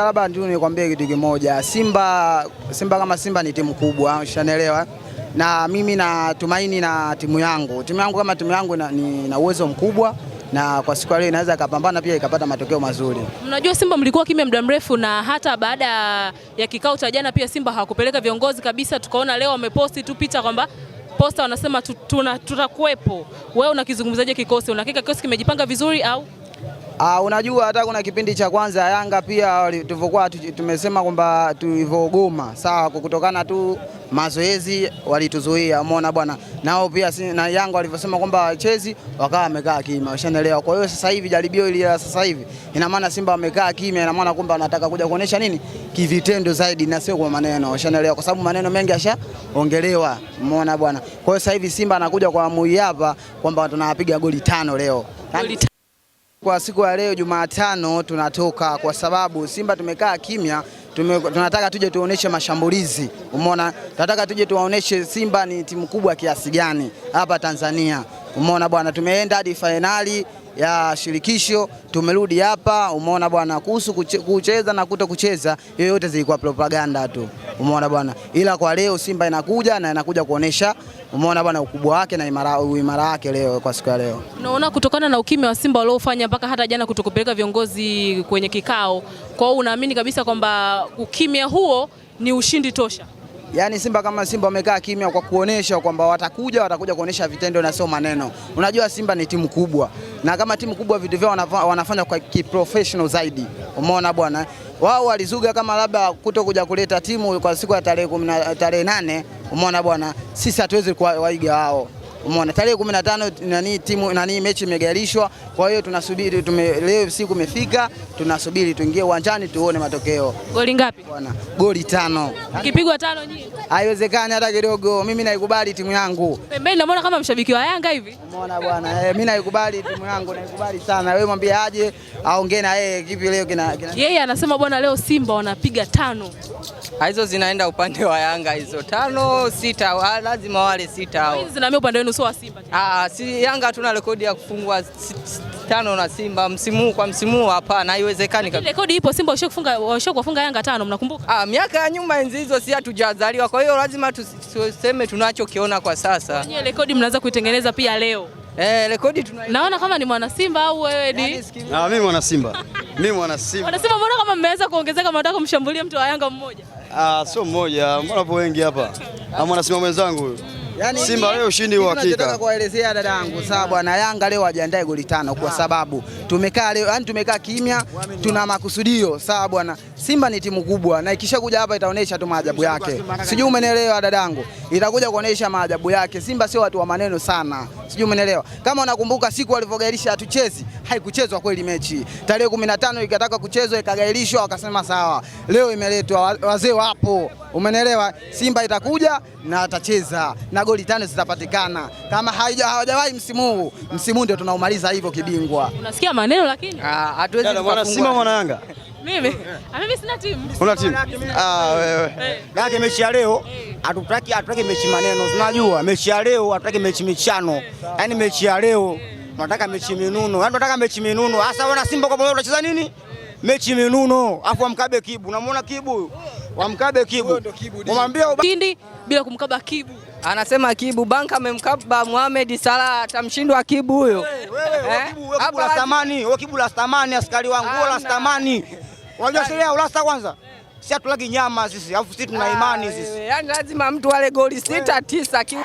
kwanza labda ndio nikwambie kitu kimoja, Simba Simba kama Simba ni timu kubwa, ushanielewa na mimi natumaini na timu yangu timu yangu kama timu yangu ina ni, na uwezo mkubwa na kwa siku leo inaweza ikapambana pia ikapata matokeo mazuri. Mnajua Simba mlikuwa kimya muda mrefu, na hata baada ya kikao cha jana pia Simba hawakupeleka viongozi kabisa, tukaona leo wameposti tu picha kwamba posta wanasema tutakuwepo. Wewe unakizungumzaje kikosi? Unahakika kikosi kimejipanga vizuri au Uh, unajua hata kuna kipindi cha kwanza Yanga pia tulivyokuwa tumesema kwamba tulivyogoma sawa, kutokana tu mazoezi walituzuia, umeona bwana, nao pia na Yanga walivyosema kwamba wachezi wakawa wamekaa kimya, washanelewa. Kwa hiyo sasa hivi jaribio ili la sasa hivi ina maana Simba wamekaa kimya, ina maana kwamba wanataka kuja kuonesha nini kivitendo zaidi na sio kwa maneno, washanelewa, kwa sababu maneno mengi ashaongelewa, umeona bwana. Kwa hiyo sasa hivi Simba anakuja kwa amui hapa kwamba tunawapiga goli tano leo kwa siku ya leo Jumatano tunatoka kwa sababu Simba tumekaa kimya tume, tunataka tuje tuoneshe mashambulizi. Umeona, tunataka tuje tuwaoneshe Simba ni timu kubwa kiasi gani hapa Tanzania. Umeona bwana, tumeenda hadi fainali ya shirikisho tumerudi hapa. Umeona bwana, kuhusu kucheza na kuto kucheza, yoyote zilikuwa propaganda tu umeona bwana, ila kwa leo Simba inakuja na inakuja kuonesha umeona bwana ukubwa wake na imara imara yake leo kwa siku ya leo. Unaona kutokana na ukimya wa Simba waliofanya mpaka hata jana kutokupeleka viongozi kwenye kikao, kwa hiyo unaamini kabisa kwamba ukimya huo ni ushindi tosha? Yaani Simba kama Simba wamekaa kimya kwa kuonesha kwamba watakuja, watakuja kuonesha vitendo na sio maneno. Unajua Simba ni timu kubwa na kama timu kubwa vitu vyao wanafanya kwa kiprofessional zaidi. Umeona bwana, wao walizuga kama labda kuto kuja kuleta timu kwa siku ya tarehe tarehe nane. Umeona bwana, sisi hatuwezi kuwaiga wao. Umeona tarehe 15 nani timu nani mechi imegairishwa. Kwa hiyo tunasubiri tume, leo siku imefika, tunasubiri tuingie uwanjani tuone matokeo. Goli ngapi? Bwana, goli tano. Ikipigwa tano nyinyi. Haiwezekani hata kidogo. Mimi naikubali timu yangu. Pembeni naona kama mshabiki wa Yanga hivi. Umeona bwana, eh, mimi naikubali timu yangu, naikubali sana. Wewe mwambie aje aongee na yeye kipi leo kina. Yeye anasema bwana leo Simba wanapiga tano hizo zinaenda upande wa Yanga hizo tano sita, ah, lazima wale sita hao. zinaambia upande wenu sio wa Simba. Ah, ah, si Yanga hatuna rekodi ya kufungwa tano na Simba msimu kwa msimu huu hapana, haiwezekani kabisa. Rekodi ipo, Simba ushakufunga ushakufunga Yanga tano, mnakumbuka? Ah, miaka ya nyuma enzi hizo si hatujazaliwa, kwa hiyo lazima tuseme tunachokiona kwa sasa. Nyie rekodi mnaweza kuitengeneza pia leo. Eh, rekodi tuna Naona kama ni mwana Simba au wewe ni? Yaani ah, mimi mwana Simba. Mimi mwana Simba. Mwana Simba, mbona kama mmeweza kuongezeka, mnataka kumshambulia mtu wa Yanga mmoja? Ah, sio mmoja, mbona po wengi hapa? Ah, Ama nasema mwenzangu huyo. Yaani Simba leo ushindi wa hakika. Nataka kuelezea dadangu, sawa bwana, Yanga leo wajiandae goli tano kwa ah. sababu tumekaa leo, yani tumekaa kimya, tuna makusudio, sawa bwana. Simba ni timu kubwa na ikishakuja hapa itaonesha tu maajabu yake. Sijui umenielewa dadangu, itakuja kuonesha maajabu yake. Simba sio watu wa maneno sana, sijui umenielewa. Kama unakumbuka siku walivyogairisha hatuchezi, haikuchezwa kweli mechi. Tarehe 15 ikataka kuchezwa, ikagairishwa, wakasema sawa. Leo imeletwa, wazee wapo, umenielewa. Simba itakuja na atacheza na goli tano zitapatikana, kama hawajawahi msimu huu. Msimu ndio tunaumaliza hivyo kibingwa. Unasikia maneno lakini ah, hatuwezi. Simba mwana Yanga Mimi? Ah, mimi sina timu. Una timu? Ah, wewe. Maana eh. mechi ya leo eh. hatutaki hatutaki mechi maneno. Unajua mechi ya leo hatutaki mechi michano. Eh. Yaani mechi ya leo tunataka mechi minuno. Yaani tunataka mechi minuno. Hasa wana Simba kwa pamoja tunacheza nini? Mechi minuno. Afu amkabe Kibu. Unamwona Kibu? Wamkabe Kibu. Mwambie ushindi bila kumkaba Kibu. Anasema Kibu Banka amemkaba Mohamed Salah, atamshindwa Kibu huyo. Wewe, wewe, Kibu la thamani, wewe Kibu la thamani askari wangu, la thamani. Unajua sheria ulasta kwanza eh. si hatulagi nyama sisi, alafu sisi tuna ah, imani sisi, Yaani lazima mtu wale goli sita eh. tisa kiu